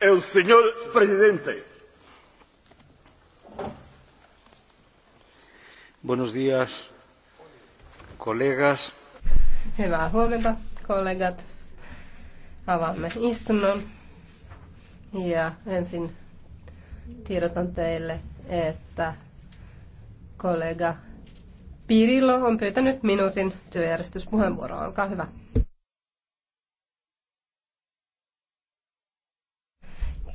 el señor presidente. Buenos días, colegas. Hyvää huomenta, kollegat. Avaamme istunnon. Ja ensin tiedotan teille, että kollega Pirilo on pyytänyt minuutin työjärjestyspuheenvuoroa. Olkaa hyvä.